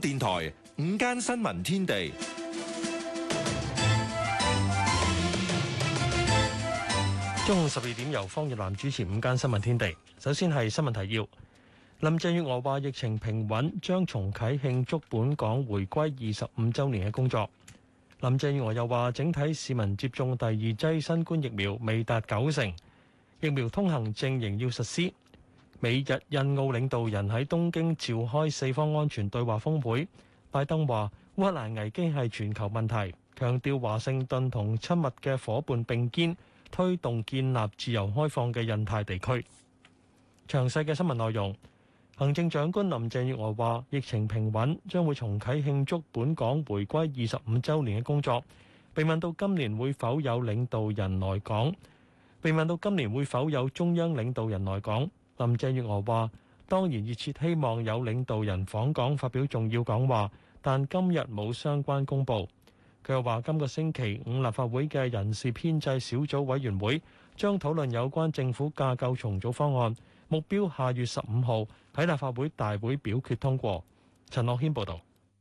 電台午間新聞天地，中午十二點，由方若蘭主持午間新聞天地。首先係新聞提要。林鄭月娥話疫情平穩，將重啟慶祝本港回歸二十五週年嘅工作。林鄭月娥又話整體市民接種第二劑新冠疫苗未達九成，疫苗通行證仍要實施。美日印澳領導人喺東京召開四方安全對話峰會。拜登話：烏克蘭危機係全球問題，強調華盛頓同親密嘅夥伴並肩推動建立自由開放嘅印太地區。詳細嘅新聞內容，行政長官林鄭月娥話：疫情平穩，將會重啟慶祝本港回歸二十五週年嘅工作。被問到今年會否有領導人來港，被問到今年會否有中央領導人來港。林鄭月娥話：當然熱切希望有領導人訪港發表重要講話，但今日冇相關公佈。佢又話：今個星期五立法會嘅人事編制小組委員會將討論有關政府架構重組方案，目標下月十五號喺立法會大會表決通過。陳樂軒報道。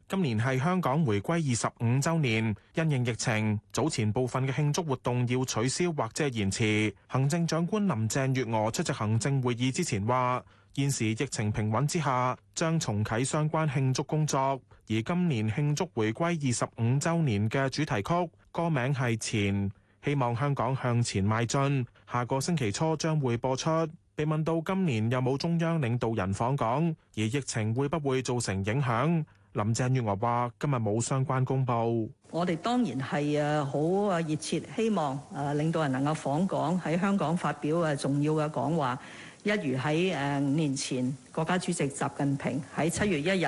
今年係香港回歸二十五週年，因應疫情，早前部分嘅慶祝活動要取消或者延遲。行政長官林鄭月娥出席行政會議之前話：現時疫情平穩之下，將重啟相關慶祝工作。而今年慶祝回歸二十五週年嘅主題曲歌名係《前》，希望香港向前邁進。下個星期初將會播出。被問到今年有冇中央領導人訪港，而疫情會不會造成影響？林鄭月娥話：今日冇相關公布。我哋當然係啊好啊熱切希望啊領導人能夠訪港喺香港發表啊重要嘅講話，一如喺誒五年前國家主席習近平喺七月一日。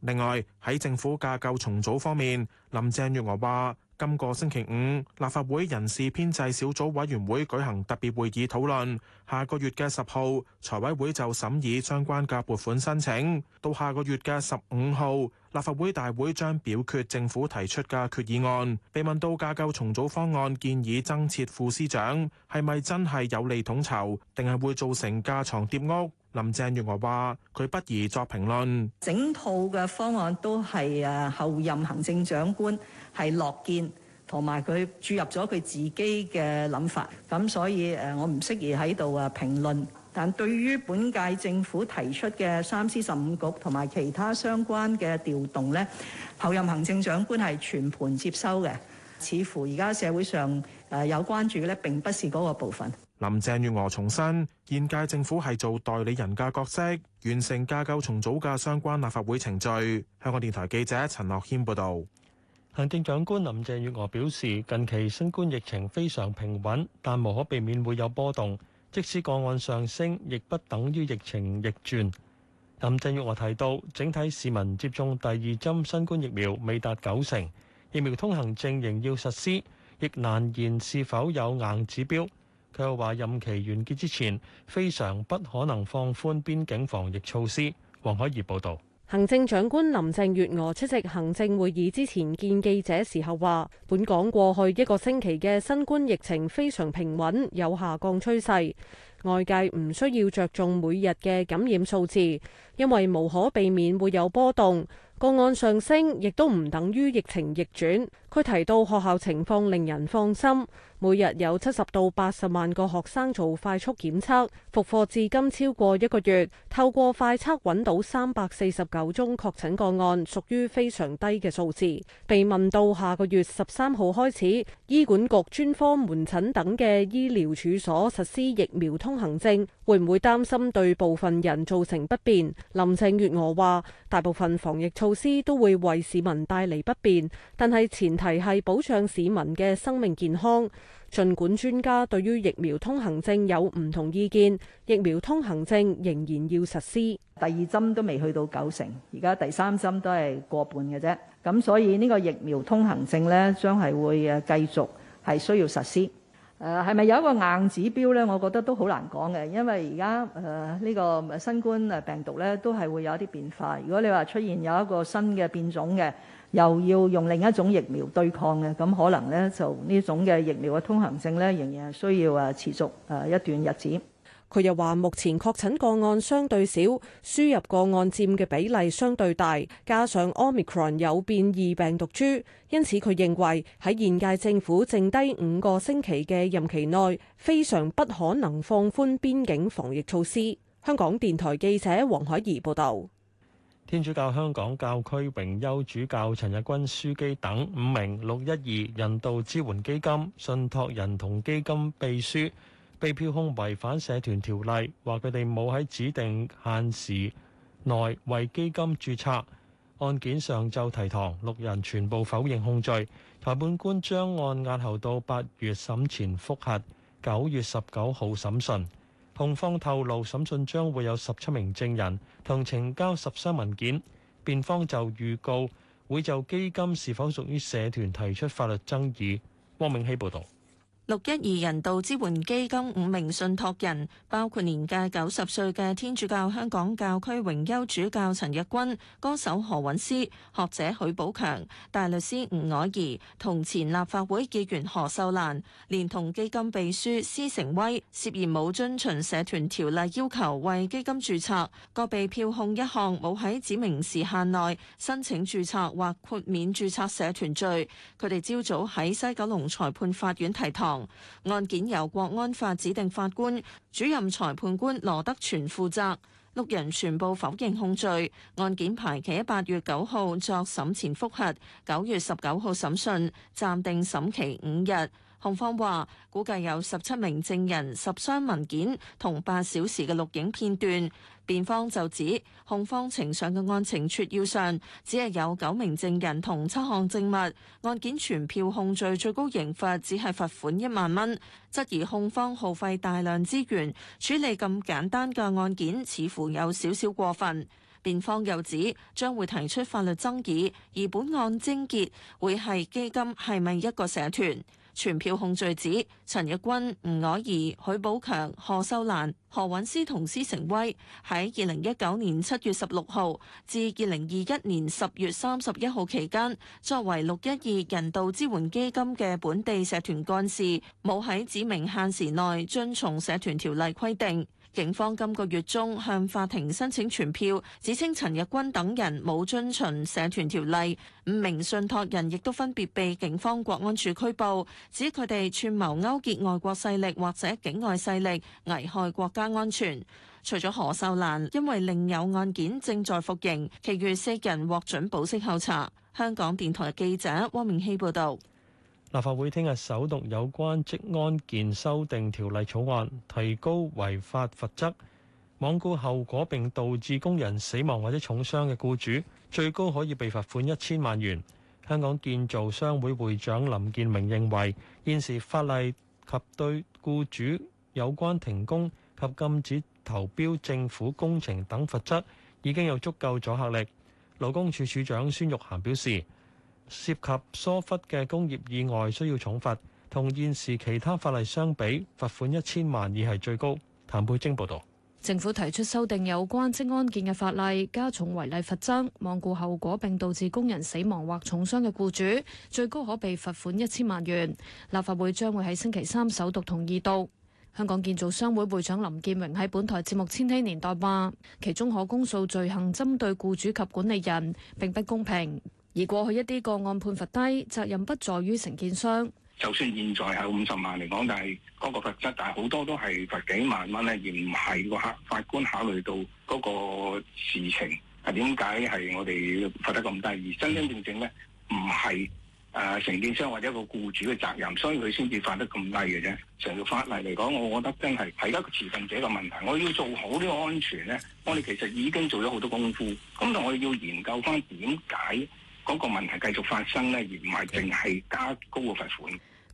另外喺政府架構重組方面，林鄭月娥話：今個星期五立法會人事編制小組委員會舉行特別會議討論，下個月嘅十號財委會就審議相關嘅撥款申請，到下個月嘅十五號立法會大會將表決政府提出嘅決議案。被問到架構重組方案建議增設副司長，係咪真係有利統籌，定係會造成架床疊屋？林鄭月娥話：佢不宜作評論。整套嘅方案都係誒後任行政長官係樂見，同埋佢注入咗佢自己嘅諗法。咁所以誒，我唔適宜喺度誒評論。但對於本屆政府提出嘅三司十五局同埋其他相關嘅調動咧，後任行政長官係全盤接收嘅。似乎而家社會上誒有關注嘅咧，並不是嗰個部分。林鄭月娥重申，現屆政府係做代理人嘅角色，完成架構重組嘅相關立法會程序。香港電台記者陳樂軒報導。行政長官林鄭月娥表示，近期新冠疫情非常平穩，但無可避免會有波動。即使個案上升，亦不等於疫情逆轉。林鄭月娥提到，整體市民接種第二針新冠疫苗未達九成，疫苗通行證仍要實施，亦難言是否有硬指標。佢又話：任期完結之前，非常不可能放寬邊境防疫措施。黃海怡報導。行政長官林鄭月娥出席行政會議之前見記者時候話：本港過去一個星期嘅新冠疫情非常平穩，有下降趨勢。外界唔需要着重每日嘅感染數字，因為無可避免會有波動。個案上升亦都唔等於疫情逆轉。佢提到學校情況令人放心。每日有七十到八十萬個學生做快速檢測，復課至今超過一個月，透過快測揾到三百四十九宗確診個案，屬於非常低嘅數字。被問到下個月十三號開始，醫管局專科門診等嘅醫療處所實施疫苗通行證，會唔會擔心對部分人造成不便？林鄭月娥話：大部分防疫措施都會為市民帶嚟不便，但係前提係保障市民嘅生命健康。儘管專家對於疫苗通行證有唔同意見，疫苗通行證仍然要實施。第二針都未去到九成，而家第三針都係過半嘅啫。咁所以呢個疫苗通行證呢，將係會誒繼續係需要實施。誒、呃，係咪有一個硬指標呢？我覺得都好難講嘅，因為而家誒呢個新冠病毒呢，都係會有一啲變化。如果你話出現有一個新嘅變種嘅。又要用另一種疫苗對抗嘅，咁可能咧就呢種嘅疫苗嘅通行性咧仍然係需要誒持續誒一段日子。佢又話目前確診個案相對少，輸入個案佔嘅比例相對大，加上 Omicron 有變異病毒株，因此佢認為喺現屆政府剩低五個星期嘅任期內，非常不可能放寬邊境防疫措施。香港電台記者黃海怡報道。天主教香港教區榮休主教陳日君樞機等五名六一二人道支援基金信託人同基金秘書被票控違反社團條例，話佢哋冇喺指定限時內為基金註冊。案件上晝提堂，六人全部否認控罪。裁判官將案押後到八月審前覆核，九月十九號審訊。控方透露審訊將會有十七名證人，同呈交十三文件。辯方就預告會就基金是否屬於社團提出法律爭議。汪明希報導。六一二人道支援基金五名信託人，包括年屆九十歲嘅天主教香港教區榮休主教陳日君、歌手何韻詩、學者許寶強、大律師吳靄儀同前立法會議員何秀蘭，連同基金秘書施成威，涉嫌冇遵循社團條例要求為基金注冊，各被票控一項冇喺指明時限內申請注冊或豁免注冊社團罪。佢哋朝早喺西九龍裁判法院提堂。案件由國安法指定法官主任裁判官羅德全負責，六人全部否認控罪，案件排期喺八月九號作審前複核，九月十九號審訊，暫定審期五日。控方話估計有十七名證人、十箱文件同八小時嘅錄影片段。辯方就指控方呈上嘅案情缺要上，只係有九名證人同七項證物。案件全票控罪最高刑罰只係罰款一萬蚊，質疑控方耗費大量資源處理咁簡單嘅案件，似乎有少少過分。辯方又指將會提出法律爭議，而本案癥結會係基金係咪一個社團。全票控罪指陳日君、吳靄儀、許寶強、何秀蘭、何韻詩同施成威喺二零一九年七月十六號至二零二一年十月三十一號期間，作為六一二人道支援基金嘅本地社團幹事，冇喺指明限時內遵從社團條例規定。警方今個月中向法庭申請傳票，指稱陳日君等人冇遵循社團條例。五名信託人亦都分別被警方國安處拘捕，指佢哋串謀勾結外國勢力或者境外勢力，危害國家安全。除咗何秀蘭，因為另有案件正在服刑，其餘四人獲准保釋候查。香港電台記者汪明希報道。立法會聽日首讀有關職安健修訂條例草案，提高違法罰則，罔顧後果並導致工人死亡或者重傷嘅雇主，最高可以被罰款一千萬元。香港建造商會會長林建明認為，現時法例及對雇主有關停工及禁止投標政府工程等罰則已經有足夠阻嚇力。勞工處處長孫玉菡表示。涉及疏忽嘅工業意外需要重罰，同現時其他法例相比，罰款一千萬已係最高。譚佩晶報導，政府提出修訂有關職安健嘅法例，加重違例罰則，罔顧後果並導致工人死亡或重傷嘅雇主，最高可被罰款一千萬元。立法會將會喺星期三首讀同二讀。香港建造商會會長林建榮喺本台節目《千禧年代》話：其中可公訴罪行針對雇主及管理人並不公平。而過去一啲個案判罰低，責任不在於承建商。就算現在係五十萬嚟講，但係嗰個罰則，但係好多都係罰幾萬蚊咧，而唔係個客法官考慮到嗰個事情係點解係我哋罰得咁低？而真真正正咧唔係誒承建商或者個僱主嘅責任，所以佢先至罰得咁低嘅啫。成條法例嚟講，我覺得真係係一個持份者嘅問題。我要做好呢個安全咧，我哋其實已經做咗好多功夫。咁但我哋要研究翻點解？嗰個問題繼續發生咧，而唔係淨係加高個罰款。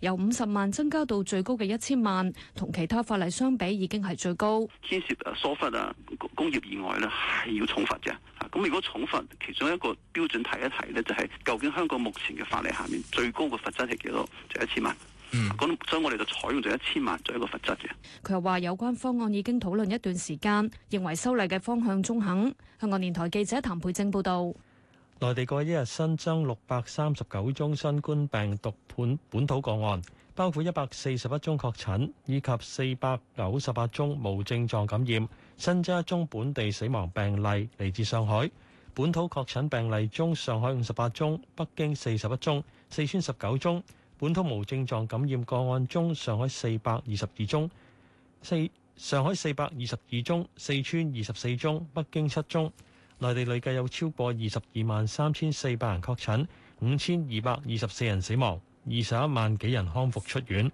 由五十萬增加到最高嘅一千萬，同其他法例相比已經係最高。牽涉疏忽啊、工業意外呢，係要重罰嘅。嚇、啊，咁如果重罰，其中一個標準提一提呢，就係、是、究竟香港目前嘅法例下面最高嘅罰則係幾多？就一、是、千萬。嗯、啊。所以我哋就採用咗一千萬作為一個罰則嘅。佢又話：有關方案已經討論一段時間，認為修例嘅方向中肯。香港電台記者譚佩正報導。內地過一日新增六百三十九宗新冠病毒本本土個案，包括一百四十一宗確診以及四百九十八宗無症狀感染。新增一宗本地死亡病例嚟自上海。本土確診病例中，上海五十八宗，北京四十一宗，四川十九宗。本土無症狀感染個案中上，上海四百二十二宗，四上海四百二十二宗，四川二十四宗，北京七宗，內地累計有超過二十二萬三千四百人確診，五千二百二十四人死亡，二十一萬幾人康復出院。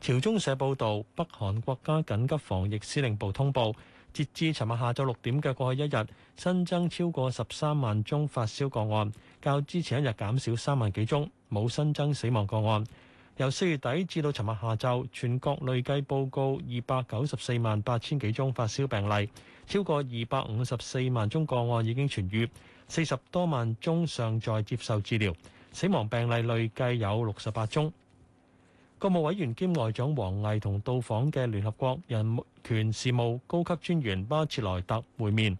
朝中社報導，北韓國家緊急防疫司令部通報，截至尋日下晝六點嘅過去一日，新增超過十三萬宗發燒個案，較之前一日減少三萬幾宗，冇新增死亡個案。由四月底至到尋日下晝，全國累計報告二百九十四萬八千幾宗發燒病例，超過二百五十四萬宗個案已經痊癒，四十多萬宗尚在接受治療，死亡病例累計有六十八宗。國務委員兼外長王毅同到訪嘅聯合國人權事務高級專員巴切萊特會面。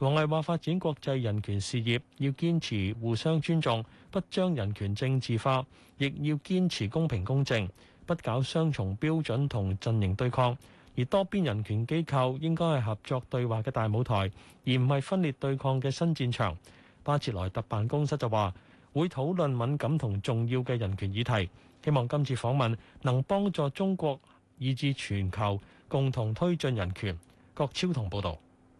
王毅話：發展國際人權事業，要堅持互相尊重。不將人權政治化，亦要堅持公平公正，不搞雙重標準同陣營對抗。而多邊人權機構應該係合作對話嘅大舞台，而唔係分裂對抗嘅新戰場。巴切萊特辦公室就話，會討論敏感同重要嘅人權議題，希望今次訪問能幫助中國以至全球共同推進人權。郭超同報道。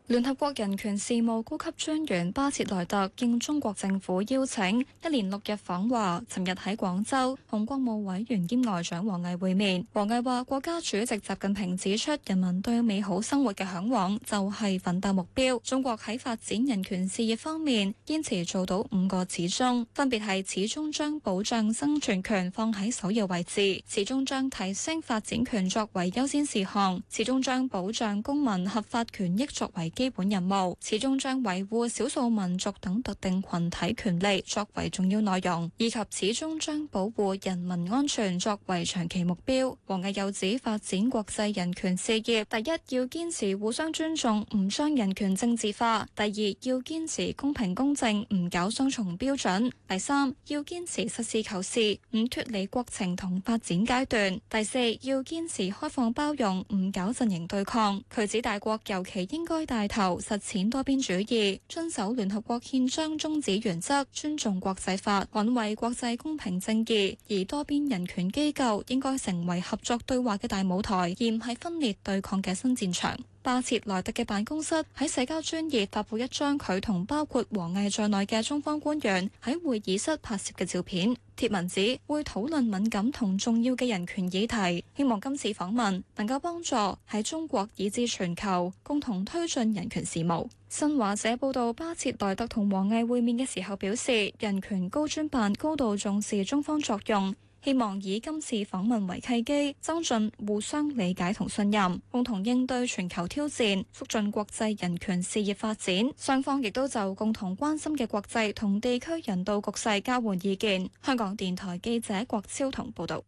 聯合國人權事務高級專員巴切萊特應中國政府邀請，一連六日訪華。尋日喺廣州，同國務委員兼外長王毅會面。王毅話：國家主席習近平指出，人民對美好生活嘅嚮往就係奮鬥目標。中國喺發展人權事業方面，堅持做到五個始終，分別係始終將保障生存權放喺首要位置，始終將提升發展權作為優先事項，始終將保障公民合法權益作為基本任務，始終將維護少數民族等特定群體權利作為重要內容，以及始終將保護人民安全作為長期目標。王毅又指，發展國際人權事業，第一要堅持互相尊重，唔將人權政治化；第二要堅持公平公正，唔搞雙重標準；第三要堅持實事求是，唔脫離國情同發展階段；第四要堅持開放包容，唔搞陣營對抗。佢指大國尤其應該大。帶頭實踐多邊主義，遵守聯合國憲章宗旨原則，尊重國際法，捍衛國際公平正義，而多邊人權機構應該成為合作對話嘅大舞台，而唔係分裂對抗嘅新戰場。巴切萊特嘅辦公室喺社交專頁發布一張佢同包括王毅在內嘅中方官員喺會議室拍攝嘅照片，貼文指會討論敏感同重要嘅人權議題，希望今次訪問能夠幫助喺中國以至全球共同推進人權事務。新華社報道，巴切萊特同王毅會面嘅時候表示，人權高專辦高度重視中方作用。希望以今次訪問為契機，增進互相理解同信任，共同應對全球挑戰，促進國際人權事業發展。雙方亦都就共同關心嘅國際同地區人道局勢交換意見。香港電台記者郭超同報導。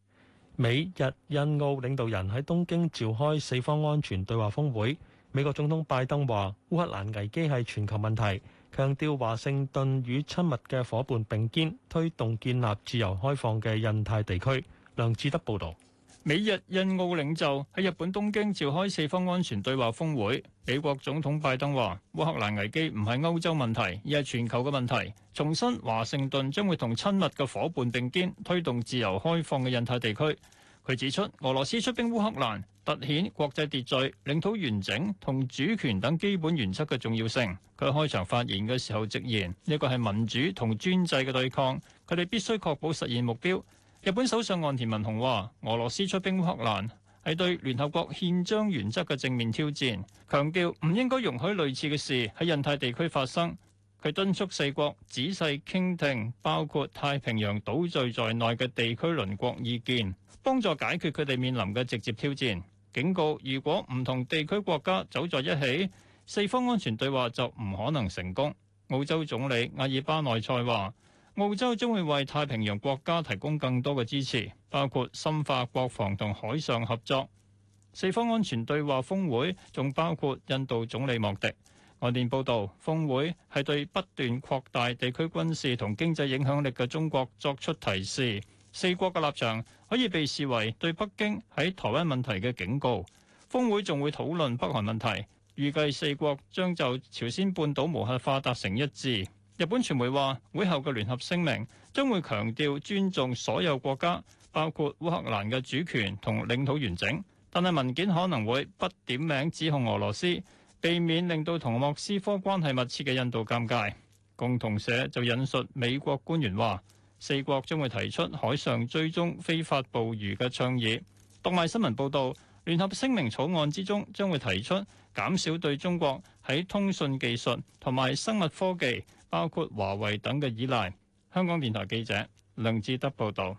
美日印澳領導人喺東京召開四方安全對話峰會。美國總統拜登話：烏克蘭危機係全球問題。強調華盛頓與親密嘅伙伴並肩推動建立自由開放嘅印太地區。梁志德報導。美日印澳領袖喺日本東京召開四方安全對話峰會。美國總統拜登話：烏克蘭危機唔係歐洲問題，而係全球嘅問題。重申華盛頓將會同親密嘅伙伴並肩推動自由開放嘅印太地區。佢指出，俄羅斯出兵烏克蘭，凸顯國際秩序、領土完整同主權等基本原則嘅重要性。佢喺開場發言嘅時候直言：呢個係民主同專制嘅對抗，佢哋必須確保實現目標。日本首相岸田文雄話：俄羅斯出兵烏克蘭係對聯合國憲章原則嘅正面挑戰，強調唔應該容許類似嘅事喺印太地區發生。佢敦促四國仔細傾聽包括太平洋島嶼在內嘅地區鄰國意見，幫助解決佢哋面臨嘅直接挑戰。警告：如果唔同地區國家走在一起，四方安全對話就唔可能成功。澳洲總理阿爾巴內塞話：澳洲將會為太平洋國家提供更多嘅支持，包括深化國防同海上合作。四方安全對話峰會仲包括印度總理莫迪。外電報道，峰會係對不斷擴大地區軍事同經濟影響力嘅中國作出提示。四國嘅立場可以被視為對北京喺台灣問題嘅警告。峰會仲會討論北韓問題，預計四國將就朝鮮半島無核化達成一致。日本傳媒話，會後嘅聯合聲明將會強調尊重所有國家，包括烏克蘭嘅主權同領土完整，但係文件可能會不點名指控俄羅斯。避免令到同莫斯科關係密切嘅印度尷尬。共同社就引述美國官員話，四國將會提出海上追蹤非法捕魚嘅倡議。讀賣新聞報道，聯合聲明草案之中將會提出減少對中國喺通訊技術同埋生物科技，包括華為等嘅依賴。香港電台記者梁志德報道。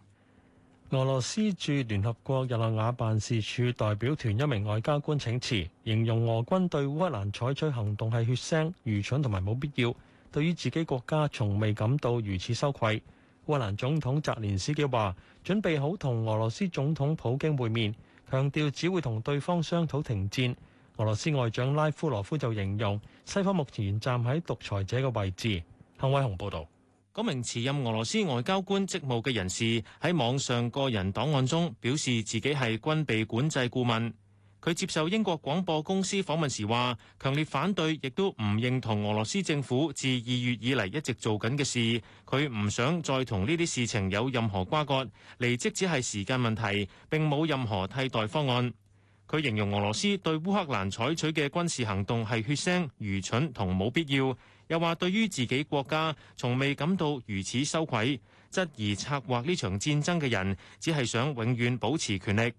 俄羅斯駐聯合國日內瓦辦事處代表團一名外交官請辭，形容俄軍對烏克蘭採取行動係血腥、愚蠢同埋冇必要。對於自己國家，從未感到如此羞愧。烏克蘭總統澤連斯基話，準備好同俄羅斯總統普京會面，強調只會同對方商討停戰。俄羅斯外長拉夫羅夫就形容，西方目前站喺獨裁者嘅位置。彭偉雄報導。嗰名辭任俄羅斯外交官職務嘅人士喺網上個人檔案中表示自己係軍備管制顧問。佢接受英國廣播公司訪問時話，強烈反對，亦都唔認同俄羅斯政府自二月以嚟一直做緊嘅事。佢唔想再同呢啲事情有任何瓜葛，離職只係時間問題，並冇任何替代方案。佢形容俄羅斯對烏克蘭採取嘅軍事行動係血腥、愚蠢同冇必要。又話，對於自己國家從未感到如此羞愧，質疑策劃呢場戰爭嘅人只係想永遠保持權力。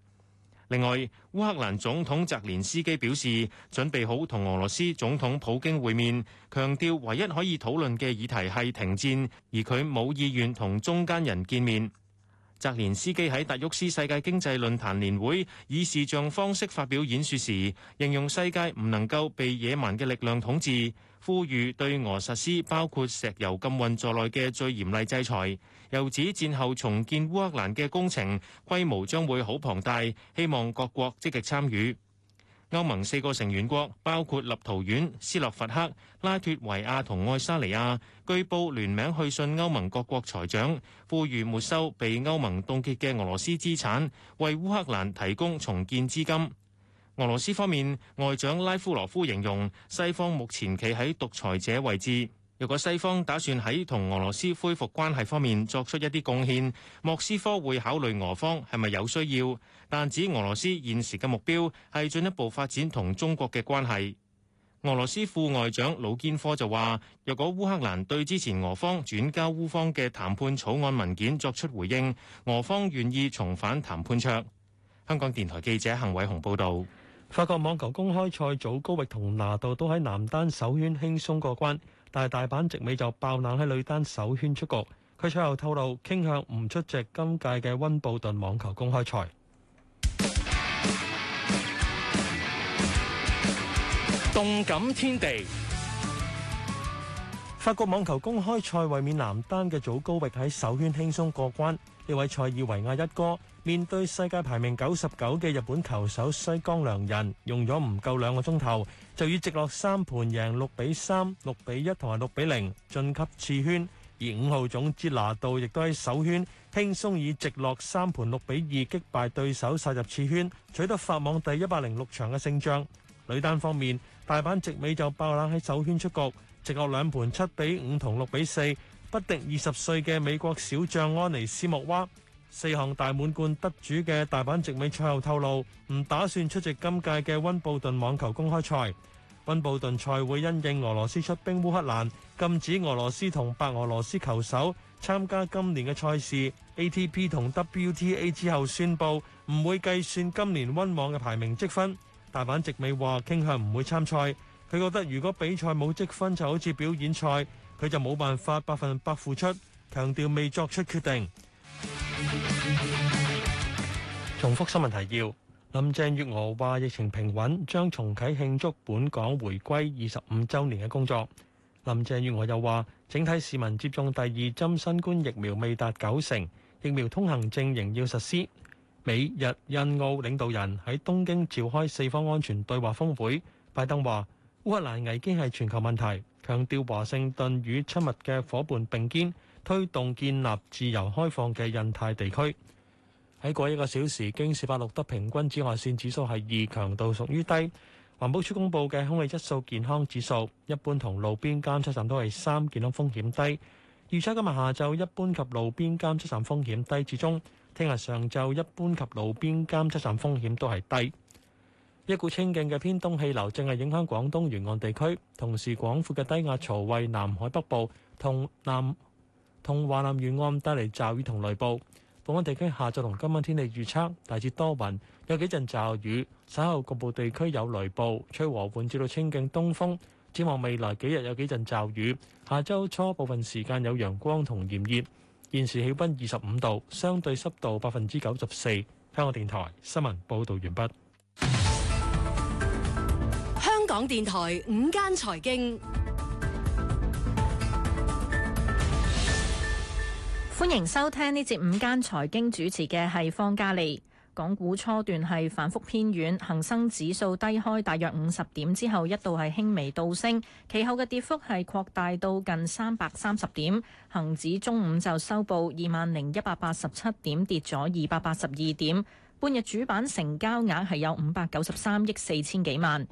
另外，烏克蘭總統澤連斯基表示，準備好同俄羅斯總統普京會面，強調唯一可以討論嘅議題係停戰，而佢冇意願同中間人見面。澤連斯基喺達沃斯世界經濟論壇年會以視像方式發表演說時，形容世界唔能夠被野蠻嘅力量統治。呼籲對俄實施包括石油禁運在內嘅最嚴厲制裁。又指戰後重建烏克蘭嘅工程規模將會好龐大，希望各國積極參與。歐盟四個成員國，包括立陶宛、斯洛伐克、拉脫維亞同愛沙尼亞，據報聯名去信歐盟各國財長，呼籲沒收被歐盟凍結嘅俄羅斯資產，為烏克蘭提供重建資金。俄羅斯方面外長拉夫羅夫形容西方目前企喺獨裁者位置。若果西方打算喺同俄羅斯恢復關係方面作出一啲貢獻，莫斯科會考慮俄方係咪有需要。但指俄羅斯現時嘅目標係進一步發展同中國嘅關係。俄羅斯副外長魯堅科就話：若果烏克蘭對之前俄方轉交烏方嘅談判草案文件作出回應，俄方願意重返談判桌。香港電台記者幸偉雄報導。法國網球公開賽祖高域同拿度都喺男單首圈輕鬆過關，但係大阪直美就爆冷喺女單首圈出局。佢賽後透露傾向唔出席今屆嘅溫布頓網球公開賽。動感天地，法國網球公開賽衛冕男單嘅祖高域喺首圈輕鬆過關。呢位塞爾維亞一哥面對世界排名九十九嘅日本球手西江良人，用咗唔夠兩個鐘頭，就以直落三盤贏六比三、六比一同埋六比零晉級次圈。而五號種子拿度亦都喺首圈輕鬆以直落三盤六比二擊敗對手殺入次圈，取得法網第一百零六場嘅勝仗。女單方面，大坂直美就爆冷喺首圈出局，直落兩盤七比五同六比四。不敵二十歲嘅美國小將安尼斯莫娃，四項大滿貫得主嘅大阪直美賽後透露，唔打算出席今屆嘅溫布頓網球公開賽。溫布頓賽會因應俄羅斯出兵烏克蘭，禁止俄羅斯同白俄羅斯球手參加今年嘅賽事。ATP 同 WTA 之後宣布唔會計算今年溫網嘅排名積分。大阪直美話傾向唔會參賽，佢覺得如果比賽冇積分就好似表演賽。佢就冇辦法百分百付出，強調未作出決定。重複新聞提要：林鄭月娥話疫情平穩，將重啟慶祝本港回歸二十五週年嘅工作。林鄭月娥又話，整體市民接種第二針新冠疫苗未達九成，疫苗通行證仍要實施。美日印澳領導人喺東京召開四方安全對話峰會，拜登話烏克蘭危機係全球問題。強調華盛頓與親密嘅伙伴並肩推動建立自由開放嘅印太地區。喺過一個小時，京士柏錄得平均紫外線指數係二，強度屬於低。環保署公佈嘅空氣質素健康指數，一般同路邊監測站都係三，健康風險低。預測今日下晝一般及路邊監測站風險低至中，聽日上晝一般及路邊監測站風險都係低。一股清勁嘅偏東氣流正係影響廣東沿岸地區，同時廣闊嘅低壓槽為南海北部同南同華南沿岸帶嚟驟雨同雷暴。本港地區下晝同今晚天氣預測大致多雲，有幾陣驟雨，稍後局部地區有雷暴，吹和緩至到清勁東風。展望未來幾日有幾陣驟雨，下週初部分時間有陽光同炎熱。現時氣温二十五度，相對濕度百分之九十四。香港電台新聞報導完畢。港電台午間財經歡迎收聽呢節午間財經主持嘅係方嘉利。港股初段係反覆偏軟，恒生指數低開大約五十點之後，一度係輕微倒升，其後嘅跌幅係擴大到近三百三十點。恒指中午就收報二萬零一百八十七點，跌咗二百八十二點。半日主板成交額係有五百九十三億四千幾萬。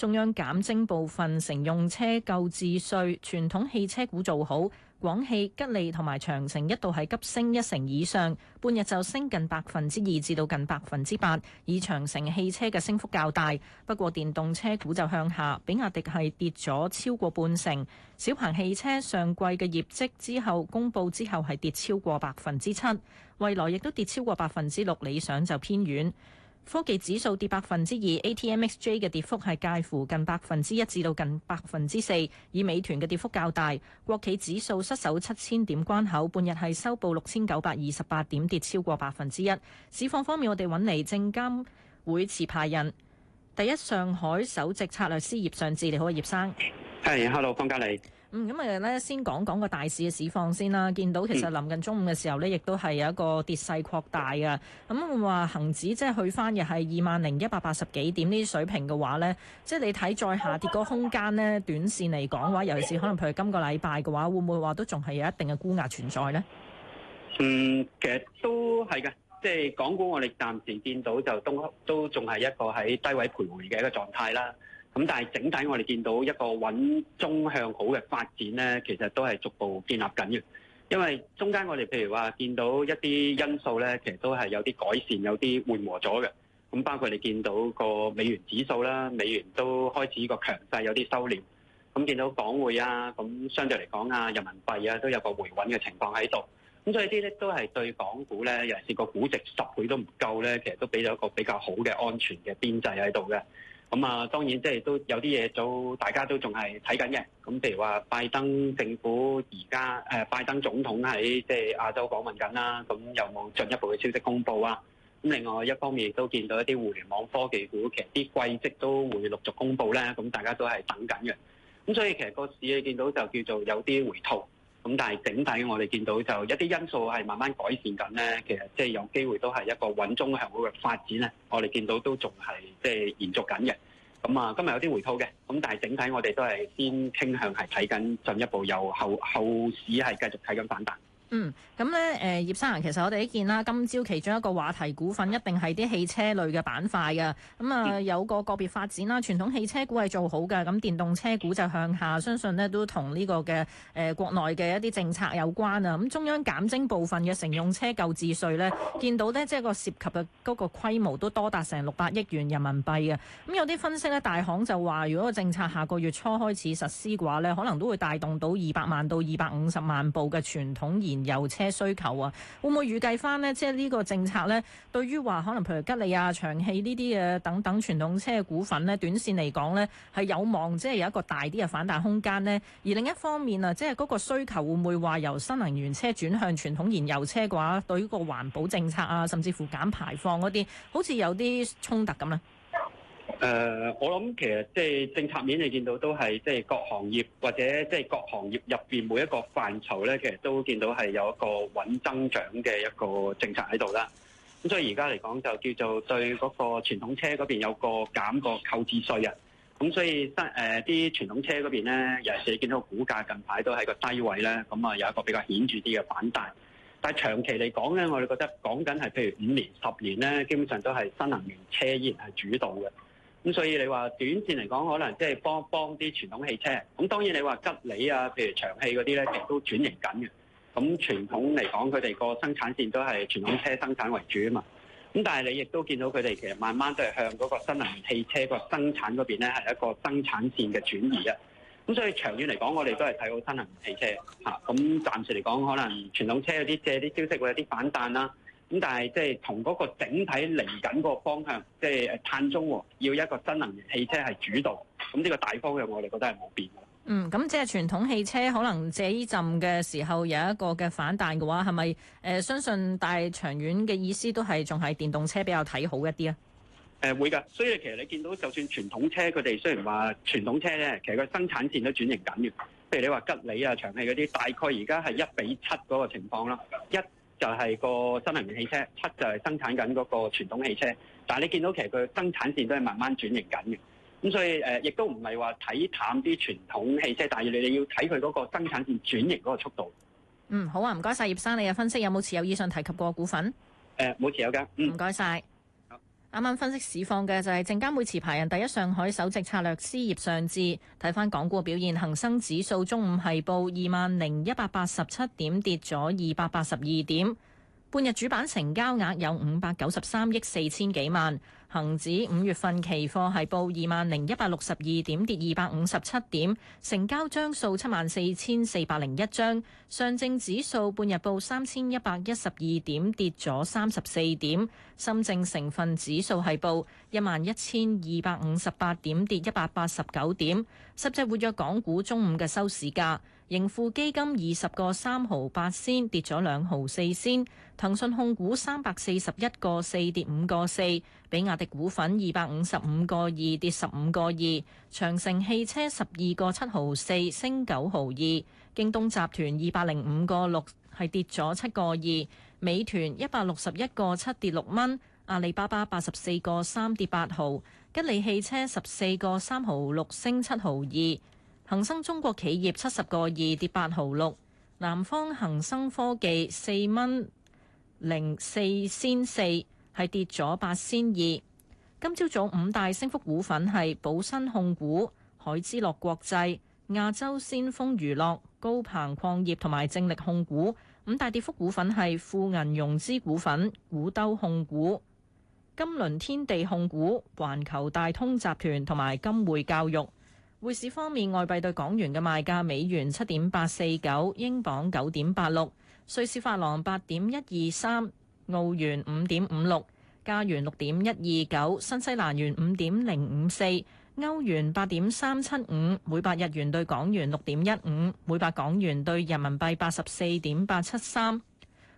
中央減徵部分乘用車購置稅，傳統汽車股做好，廣汽、吉利同埋長城一度係急升一成以上，半日就升近百分之二至到近百分之八，以長城汽車嘅升幅較大。不過電動車股就向下，比亞迪係跌咗超過半成，小鵬汽車上季嘅業績之後公佈之後係跌超過百分之七，蔚來亦都跌超過百分之六，理想就偏遠。科技指數跌百分之二，ATMXJ 嘅跌幅係介乎近百分之一至到近百分之四，以美團嘅跌幅較大。國企指數失守七千點關口，半日係收報六千九百二十八點，跌超過百分之一。市況方面，我哋揾嚟證監會持牌人，第一上海首席策略師葉尚志，你好，葉生。係、hey，Hello，方嘉莉。嗯，咁啊咧，先講講個大市嘅市況先啦。見到其實臨近中午嘅時候咧，亦都係有一個跌勢擴大嘅。咁話恒指即係去翻又係二萬零一百八十幾點呢啲水平嘅話咧，即係你睇再下跌個空間咧，短線嚟講話，尤其是可能譬如今個禮拜嘅話，會唔會話都仲係有一定嘅沽壓存在咧？嗯，其實都係嘅，即係港股我哋暫時見到就都都仲係一個喺低位徘徊嘅一個狀態啦。咁但係整體我哋見到一個穩中向好嘅發展咧，其實都係逐步建立緊嘅。因為中間我哋譬如話見到一啲因素咧，其實都係有啲改善，有啲緩和咗嘅。咁包括你見到個美元指數啦，美元都開始個強勢有啲收斂。咁、嗯、見到港匯啊，咁相對嚟講啊，人民幣啊都有個回穩嘅情況喺度。咁所以啲咧都係對港股咧，尤其係個估值十倍都唔夠咧，其實都俾咗一個比較好嘅安全嘅邊際喺度嘅。咁啊，當然即係都有啲嘢，都大家都仲係睇緊嘅。咁譬如話，拜登政府而家誒拜登總統喺即係亞洲訪問緊啦，咁有望進一步嘅消息公布啊。咁另外一方面亦都見到一啲互聯網科技股，其實啲季績都會陸續公布啦。咁大家都係等緊嘅。咁所以其實個市你見到就叫做有啲回吐。咁但係整體我哋見到就一啲因素係慢慢改善緊咧，其實即係有機會都係一個穩中向好嘅發展咧。我哋見到都仲係即係延續緊嘅。咁、嗯、啊，今日有啲回吐嘅，咁但係整體我哋都係先傾向係睇緊進一步由後後市係繼續睇緊反彈。嗯，咁咧，誒，葉生啊，其實我哋都見啦，今朝其中一個話題，股份一定係啲汽車類嘅板塊嘅。咁啊，有個個別發展啦，傳統汽車股係做好嘅，咁電動車股就向下。相信呢都同呢個嘅誒、呃、國內嘅一啲政策有關啊。咁中央減徵部分嘅乘用車購置稅呢，見到呢，即係個涉及嘅嗰個規模都多達成六百億元人民幣啊。咁有啲分析呢，大行就話，如果個政策下個月初開始實施嘅話呢，可能都會帶動到二百萬到二百五十萬部嘅傳統燃油車需求啊，會唔會預計翻呢？即係呢個政策呢，對於話可能譬如吉利啊、長汽呢啲嘅等等傳統車嘅股份呢，短線嚟講呢，係有望即係有一個大啲嘅反彈空間呢。而另一方面啊，即係嗰個需求會唔會話由新能源車轉向傳統燃油車嘅話，對於個環保政策啊，甚至乎減排放嗰啲，好似有啲衝突咁呢。誒，uh, 我諗其實即係政策面，你見到都係即係各行業或者即係各行業入邊每一個範疇咧，其實都見到係有一個穩增長嘅一個政策喺度啦。咁所以而家嚟講就叫做對嗰個傳統車嗰邊有個減個購置稅啊。咁所以新誒啲傳統車嗰邊呢，尤其是你見到個股價近排都係個低位咧。咁啊有一個比較顯著啲嘅反彈。但係長期嚟講咧，我哋覺得講緊係譬如五年、十年咧，基本上都係新能源車依然係主導嘅。咁所以你話短線嚟講，可能即係幫幫啲傳統汽車。咁當然你話吉利啊，譬如長汽嗰啲咧，其實都轉型緊嘅。咁傳統嚟講，佢哋個生產線都係傳統車生產為主啊嘛。咁但係你亦都見到佢哋其實慢慢都係向嗰個新能源汽車個生產嗰邊咧，係一個生產線嘅轉移啊。咁所以長遠嚟講，我哋都係睇好新能源汽車嚇。咁暫時嚟講，可能傳統車嗰啲借啲消息會有啲反彈啦。咁但係即係同嗰個整體嚟緊個方向，即係碳中和要一個新能源汽車係主導，咁呢個大方向我哋覺得係冇變。嗯，咁即係傳統汽車可能借呢陣嘅時候有一個嘅反彈嘅話，係咪誒相信大長遠嘅意思都係仲係電動車比較睇好一啲啊？誒、呃、會㗎，所以其實你見到就算傳統車佢哋雖然話傳統車咧，其實個生產線都轉型緊嘅，譬如你話吉利啊、長汽嗰啲，大概而家係一比七嗰個情況啦，一就係個新能源汽車，七就係生產緊嗰個傳統汽車，但係你見到其實佢生產線都係慢慢轉型緊嘅，咁所以誒，亦都唔係話睇淡啲傳統汽車，但係你你要睇佢嗰個生產線轉型嗰個速度。嗯，好啊，唔該晒葉生，你嘅分析有冇持有以上提及過股份？誒、嗯，冇持有㗎，唔該晒。謝謝。啱啱分析市況嘅就係證監會持牌人第一上海首席策略師葉尚志，睇返港股嘅表現，恒生指數中午係報二萬零一百八十七點，跌咗二百八十二點。半日主板成交額有五百九十三億四千幾萬，恒指五月份期貨係報二萬零一百六十二點跌二百五十七點，成交張數七萬四千四百零一張。上證指數半日報三千一百一十二點跌咗三十四點，深證成分指數係報一萬一千二百五十八點跌一百八十九點，十隻活躍港股中午嘅收市價。盈富基金二十個三毫八仙跌咗兩毫四仙，騰訊控股三百四十一個四跌五個四，比亞迪股份二百五十五個二跌十五個二，長城汽車十二個七毫四升九毫二，京東集團二百零五個六係跌咗七個二，美團一百六十一個七跌六蚊，阿里巴巴八十四個三跌八毫，吉利汽車十四個三毫六升七毫二。恆生中國企業七十個二跌八毫六，南方恆生科技四蚊零四仙四係跌咗八仙二。今朝早五大升幅股份係寶新控股、海之樂國際、亞洲先鋒娛樂、高鵬礦業同埋正力控股。五大跌幅股份係富銀融資股份、古兜控股、金輪天地控股、環球大通集團同埋金匯教育。匯市方面，外幣對港元嘅賣價：美元七點八四九，英鎊九點八六，瑞士法郎八點一二三，澳元五點五六，加元六點一二九，新西蘭元五點零五四，歐元八點三七五，每百日元對港元六點一五，每百港元對人民幣八十四點八七三。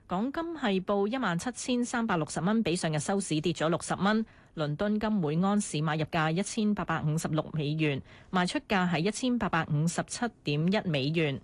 港金係報一萬七千三百六十蚊，比上日收市跌咗六十蚊。倫敦金每安士買入價一千八百五十六美元，賣出價係一千八百五十七點一美元。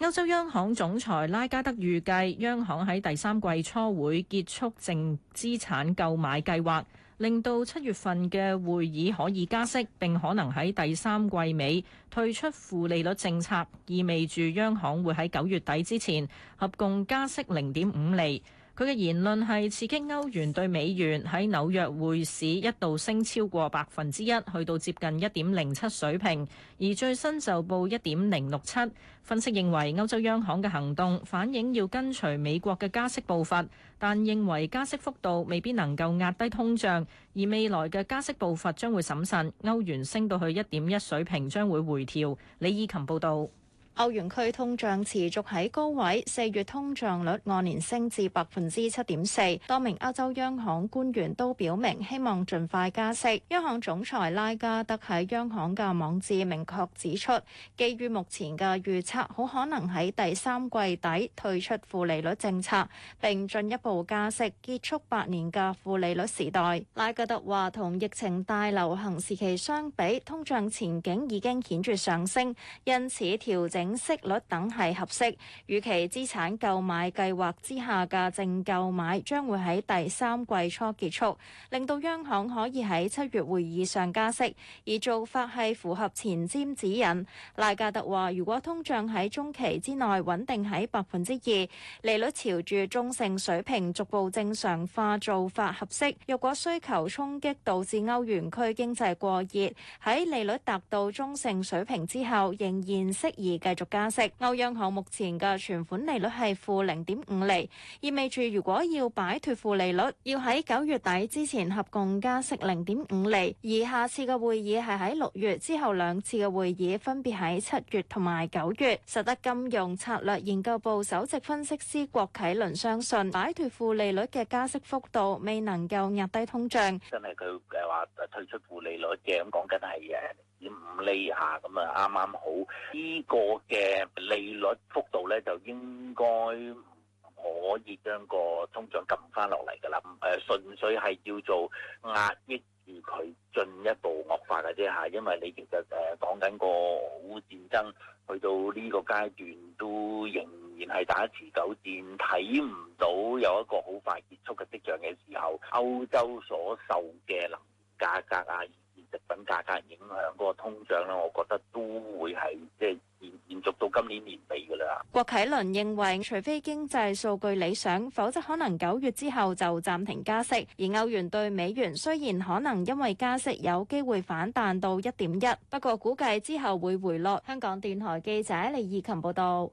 歐洲央行總裁拉加德預計，央行喺第三季初會結束淨資產購買計劃，令到七月份嘅會議可以加息，並可能喺第三季尾退出負利率政策，意味住央行會喺九月底之前合共加息零點五厘。佢嘅言論係刺激歐元對美元喺紐約匯市一度升超過百分之一，去到接近一點零七水平，而最新就報一點零六七。分析認為歐洲央行嘅行動反映要跟隨美國嘅加息步伐，但認為加息幅度未必能夠壓低通脹，而未來嘅加息步伐將會審慎。歐元升到去一點一水平將會回調。李以琴報導。歐元區通脹持續喺高位，四月通脹率按年升至百分之七點四。多名歐洲央行官員都表明希望盡快加息。央行總裁拉加德喺央行嘅網誌明確指出，基於目前嘅預測，好可能喺第三季底退出負利率政策，並進一步加息，結束八年嘅負利率時代。拉加德話：同疫情大流行時期相比，通脹前景已經顯著上升，因此調整。息率等係合適，預期資產購買計劃之下嘅淨購買將會喺第三季初結束，令到央行可以喺七月會議上加息。而做法係符合前瞻指引。拉加特話：如果通脹喺中期之內穩定喺百分之二，利率朝住中性水平逐步正常化做法合適。若果需求衝擊導致歐元區經濟過熱，喺利率達到中性水平之後，仍然適宜繼續續加息。歐央行目前嘅存款利率係負零點五厘，意味住如果要擺脫負利率，要喺九月底之前合共加息零點五厘。而下次嘅會議係喺六月之後兩次嘅會議，分別喺七月同埋九月。實德金融策略研究部首席分析師郭啟倫相信，擺脫負利率嘅加息幅度未能夠壓低通脹。真係佢誒話退出負利率嘅咁講緊係嘅。五厘下咁啊，啱啱好呢個嘅利率幅度咧，就應該可以將個通脹撳翻落嚟噶啦。誒、呃、純粹係叫做壓抑住佢進一步惡化嘅啫吓，因為你其實誒、呃、講緊個俄烏戰爭去到呢個階段都仍然係打持久戰，睇唔到有一個好快結束嘅跡象嘅時候，歐洲所受嘅能源價格啊～食品價格影響嗰個通脹啦，我覺得都會係即係延延續到今年年尾㗎啦。郭啟麟認為，除非經濟數據理想，否則可能九月之後就暫停加息。而歐元對美元雖然可能因為加息有機會反彈到一點一，不過估計之後會回落。香港電台記者李義琴報道。